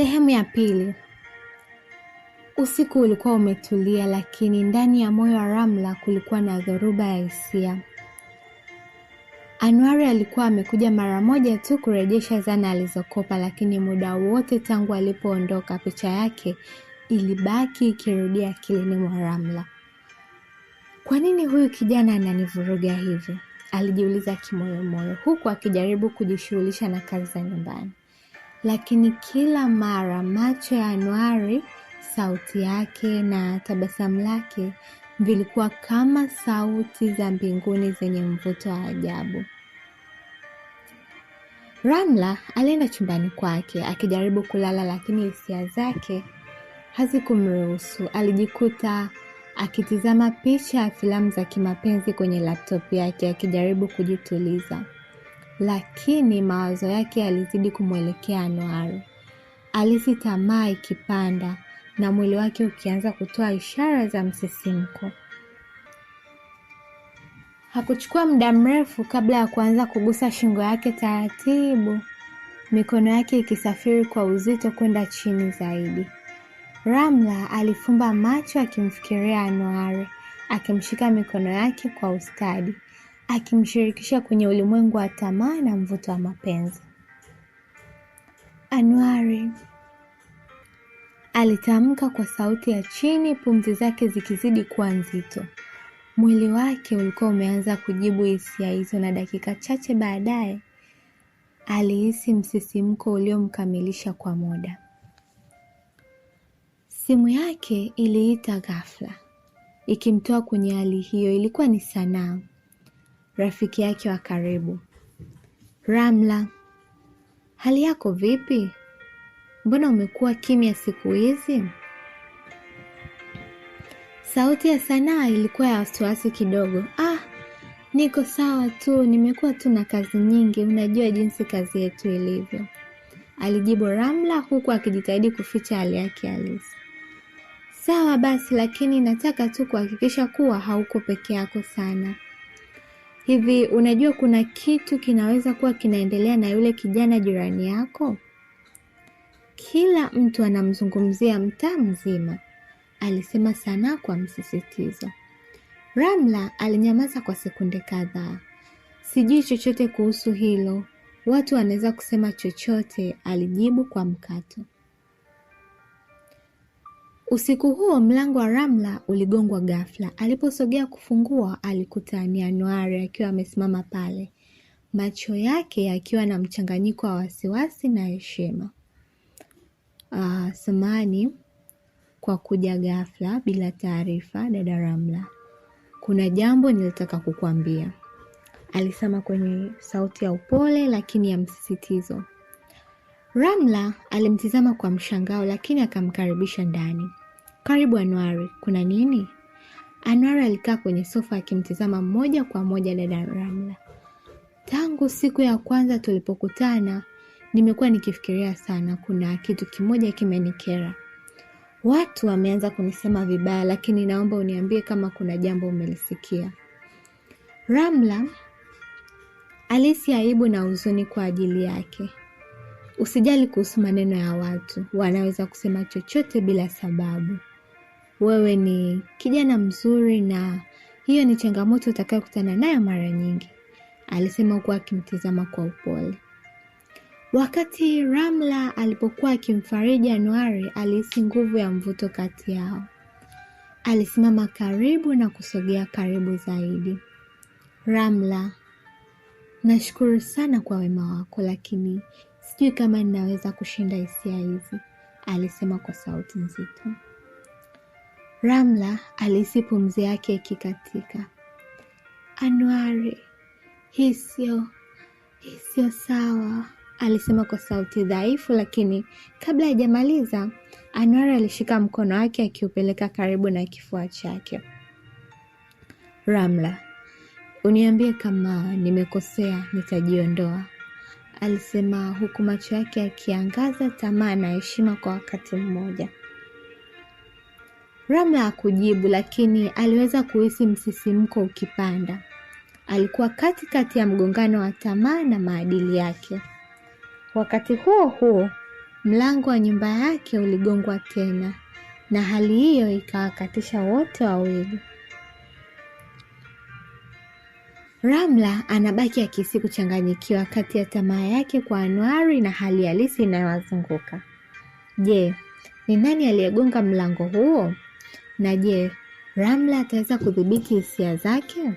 Sehemu ya pili. Usiku ulikuwa umetulia, lakini ndani ya moyo wa Ramla kulikuwa na dhoruba ya hisia. Anwari alikuwa amekuja mara moja tu kurejesha zana alizokopa, lakini muda wote tangu alipoondoka, picha yake ilibaki ikirudia akilini mwa Ramla. Kwa nini huyu kijana ananivuruga hivi? Alijiuliza kimoyomoyo, huku akijaribu kujishughulisha na kazi za nyumbani lakini kila mara macho ya Anuari, sauti yake na tabasamu lake vilikuwa kama sauti za mbinguni zenye mvuto wa ajabu. Ramla alienda chumbani kwake akijaribu kulala, lakini hisia zake hazikumruhusu. Alijikuta akitizama picha ya filamu za kimapenzi kwenye laptop yake akijaribu kujituliza lakini mawazo yake yalizidi kumwelekea Anuari. Alihisi tamaa ikipanda na mwili wake ukianza kutoa ishara za msisimko. Hakuchukua muda mrefu kabla ya kuanza kugusa shingo yake taratibu, mikono yake ikisafiri kwa uzito kwenda chini zaidi. Ramla alifumba macho akimfikiria Anuari akimshika mikono yake kwa ustadi, akimshirikisha kwenye ulimwengu wa tamaa na mvuto wa mapenzi. Anuari alitamka kwa sauti ya chini, pumzi zake zikizidi kuwa nzito. Mwili wake ulikuwa umeanza kujibu hisia hizo, na dakika chache baadaye alihisi msisimko uliomkamilisha kwa muda. Simu yake iliita ghafla, ikimtoa kwenye hali hiyo. Ilikuwa ni Sanamu rafiki yake wa karibu. Ramla, hali yako vipi? Mbona umekuwa kimya siku hizi? Sauti ya Sanaa ilikuwa ya wasiwasi kidogo. Ah, niko sawa tu, nimekuwa tu na kazi nyingi, unajua jinsi kazi yetu ilivyo, alijibu Ramla huku akijitahidi kuficha hali yake halisi. Sawa basi, lakini nataka tu kuhakikisha kuwa hauko peke yako sana. Hivi unajua kuna kitu kinaweza kuwa kinaendelea na yule kijana jirani yako? Kila mtu anamzungumzia mtaa mzima, alisema Sanaa kwa msisitizo. Ramla alinyamaza kwa sekunde kadhaa. Sijui chochote kuhusu hilo, watu wanaweza kusema chochote, alijibu kwa mkato. Usiku huo mlango wa Ramla uligongwa ghafla. Aliposogea kufungua, alikuta ni Anuari akiwa amesimama pale, macho yake yakiwa na mchanganyiko wa wasiwasi na heshima. Uh, samani kwa kuja ghafla bila taarifa, dada Ramla, kuna jambo nilitaka kukuambia, alisema kwenye sauti ya upole lakini ya msisitizo. Ramla alimtizama kwa mshangao, lakini akamkaribisha ndani. Karibu Anwari, kuna nini? Anwari alikaa kwenye sofa akimtizama moja kwa moja dada Ramla. Tangu siku ya kwanza tulipokutana, nimekuwa nikifikiria sana, kuna kitu kimoja kimenikera. Watu wameanza kunisema vibaya, lakini naomba uniambie kama kuna jambo umelisikia. Ramla alisi aibu na huzuni kwa ajili yake. Usijali kuhusu maneno ya watu, wanaweza kusema chochote bila sababu wewe ni kijana mzuri na hiyo ni changamoto utakayokutana nayo mara nyingi, alisema huku akimtizama kwa upole. Wakati Ramla alipokuwa akimfariji Anuari, alihisi nguvu ya mvuto kati yao. Alisimama karibu na kusogea karibu zaidi. Ramla, nashukuru sana kwa wema wako, lakini sijui kama ninaweza kushinda hisia hizi, alisema kwa sauti nzito. Ramla alihisi pumzi yake ikikatika. Anuari, hii sio hii sio sawa, alisema kwa sauti dhaifu, lakini kabla hajamaliza Anuari alishika mkono wake akiupeleka karibu na kifua chake. Ramla, uniambie kama nimekosea, nitajiondoa, alisema huku macho yake yakiangaza tamaa na heshima kwa wakati mmoja. Ramla hakujibu lakini aliweza kuhisi msisimko ukipanda. Alikuwa katikati ya mgongano wa tamaa na maadili yake. Wakati huo huo, mlango wa nyumba yake uligongwa tena na hali hiyo ikawakatisha wote wawili. Ramla anabaki akihisi kuchanganyikiwa kati ya tamaa yake kwa Anuari na hali halisi inayowazunguka. Je, ni nani aliyegonga mlango huo? Na je, Ramla ataweza kudhibiti hisia zake?